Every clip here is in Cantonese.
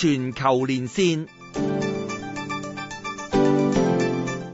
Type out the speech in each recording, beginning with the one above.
全球連線，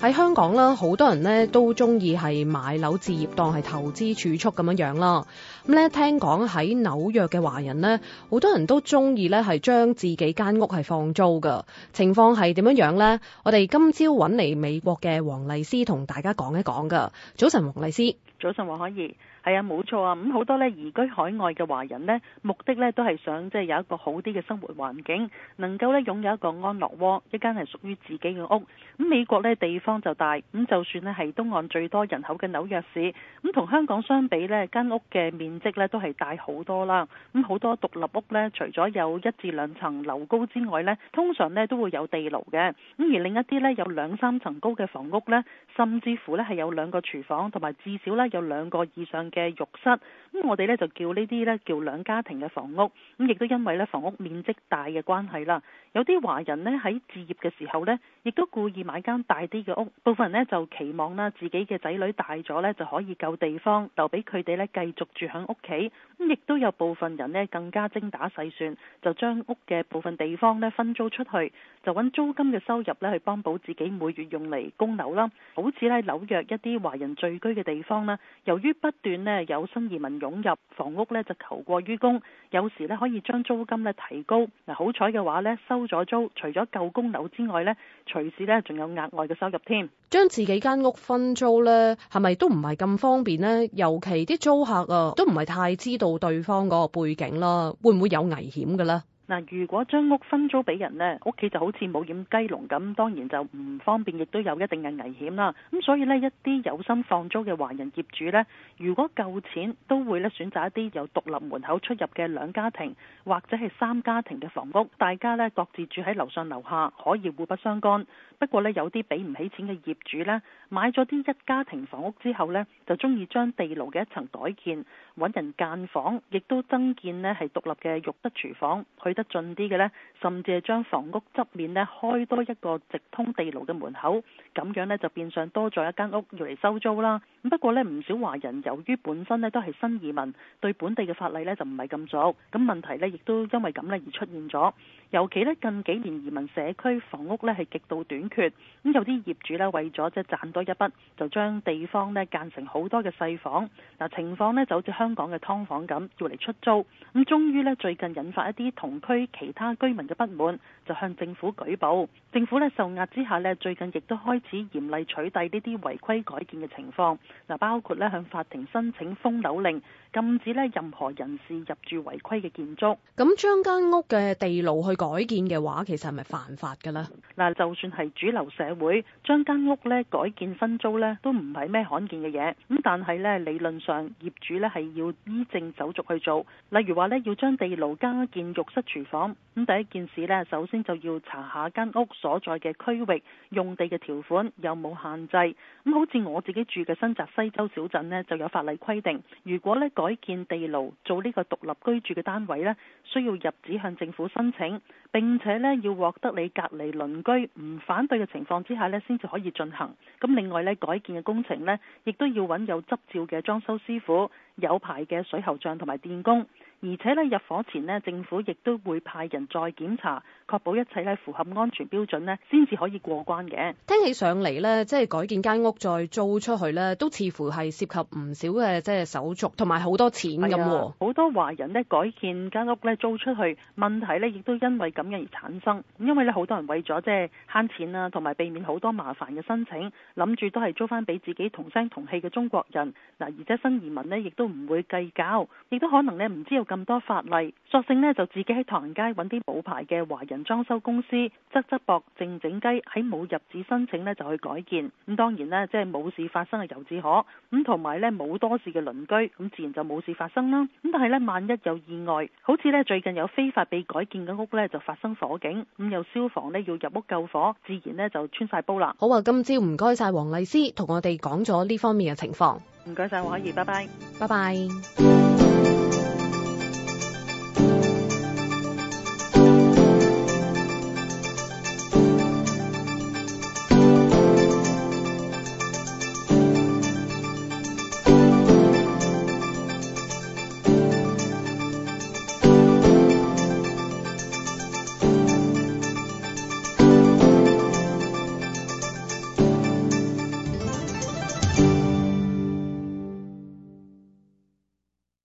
喺香港啦，好多人呢都中意係買樓置業，當係投資儲蓄咁樣樣啦。咁咧聽講喺紐約嘅華人呢，好多人都中意咧係將自己間屋係放租噶。情況係點樣樣呢？我哋今朝搵嚟美國嘅黃麗施同大家講一講噶。早晨，黃麗施。早晨，黃凱宜。係啊，冇錯啊，咁好多呢移居海外嘅華人呢，目的呢都係想即係有一個好啲嘅生活環境，能夠呢擁有一個安樂窩，一間係屬於自己嘅屋。咁美國呢地方就大，咁就算呢係東岸最多人口嘅紐約市，咁同香港相比呢，間屋嘅面積呢都係大好多啦。咁好多獨立屋呢，除咗有一至兩層樓高之外呢，通常呢都會有地牢嘅。咁而另一啲呢，有兩三層高嘅房屋呢，甚至乎呢係有兩個廚房同埋至少呢有兩個以上嘅浴室，咁我哋咧就叫呢啲咧叫兩家庭嘅房屋，咁亦都因為咧房屋面積大嘅關係啦，有啲華人呢喺置業嘅時候呢，亦都故意買間大啲嘅屋，部分人呢就期望啦自己嘅仔女大咗呢就可以夠地方留俾佢哋呢繼續住響屋企，咁亦都有部分人呢更加精打細算，就將屋嘅部分地方呢分租出去，就揾租金嘅收入呢去幫補自己每月用嚟供樓啦。好似咧紐約一啲華人聚居嘅地方呢，由於不斷咧有新移民湧入，房屋咧就求過於供，有時咧可以將租金咧提高。好彩嘅話咧收咗租，除咗夠供樓之外咧，隨時咧仲有額外嘅收入添。將自己間屋分租咧，係咪都唔係咁方便呢？尤其啲租客啊，都唔係太知道對方嗰個背景啦，會唔會有危險嘅咧？嗱，如果將屋分租俾人咧，屋企就好似冇掩雞籠咁，當然就唔方便，亦都有一定嘅危險啦。咁所以呢，一啲有心放租嘅華人業主呢，如果夠錢，都會咧選擇一啲有獨立門口出入嘅兩家庭或者係三家庭嘅房屋，大家呢各自住喺樓上樓下，可以互不相干。不過呢，有啲俾唔起錢嘅業主呢，買咗啲一,一家庭房屋之後呢，就中意將地牢嘅一層改建，揾人間房，亦都增建呢係獨立嘅浴室廚房，去得盡啲嘅呢，甚至係將房屋側面呢開多一個直通地牢嘅門口，咁樣呢就變相多咗一間屋要嚟收租啦。不過呢，唔少華人由於本身呢都係新移民，對本地嘅法例呢就唔係咁熟，咁問題呢亦都因為咁呢而出現咗。尤其呢，近幾年移民社區房屋呢係極度短缺，咁有啲業主呢為咗即係賺多一筆，就將地方呢間成好多嘅細房，嗱情況呢就好似香港嘅劏房咁，要嚟出租。咁終於呢最近引發一啲同區其他居民嘅不滿，就向政府舉報，政府呢受壓之下呢最近亦都開始嚴厲取締呢啲違規改建嘅情況，嗱包括呢向法庭申請封樓令，禁止呢任何人士入住違規嘅建築，咁將間屋嘅地牢去。改建嘅話，其實係咪犯法嘅咧？嗱，就算係主流社會，將間屋咧改建分租咧，都唔係咩罕見嘅嘢。咁但係咧，理論上業主咧係要依正手續去做。例如話咧，要將地牢加建浴室、廚房。咁第一件事咧，首先就要查下間屋所在嘅區域用地嘅條款有冇限制。咁好似我自己住嘅新澤西州小鎮呢，就有法例規定，如果咧改建地牢做呢個獨立居住嘅單位咧，需要入紙向政府申請，並且咧要獲得你隔離鄰居唔反對嘅情況之下咧，先至可以進行。咁另外咧，改建嘅工程咧，亦都要揾有執照嘅裝修師傅、有牌嘅水喉匠同埋電工。而且咧入伙前咧，政府亦都會派人再檢查，確保一切咧符合安全標準咧，先至可以過關嘅。聽起上嚟咧，即係改建間屋再租出去咧，都似乎係涉及唔少嘅即係手續，同埋好多錢咁。好、哎、多華人咧改建間屋咧租出去，問題咧亦都因為咁樣而產生。因為咧好多人為咗即係慳錢啊，同埋避免好多麻煩嘅申請，諗住都係租翻俾自己同聲同氣嘅中國人。嗱、啊，而且新移民咧亦都唔會計較，亦都可能咧唔知有咁多法例，索性呢就自己喺唐人街揾啲冇牌嘅華人裝修公司，側側膊，靜靜雞，喺冇入紙申請呢就去改建。咁當然咧，即係冇事發生嘅尤自可。咁同埋呢冇多事嘅鄰居，咁自然就冇事發生啦。咁但係呢，萬一有意外，好似呢最近有非法被改建嘅屋呢就發生火警，咁有消防呢要入屋救火，自然呢就穿晒煲啦。好啊，今朝唔該晒黃麗施同我哋講咗呢方面嘅情況。唔該晒，黃凱宜，拜拜。拜拜。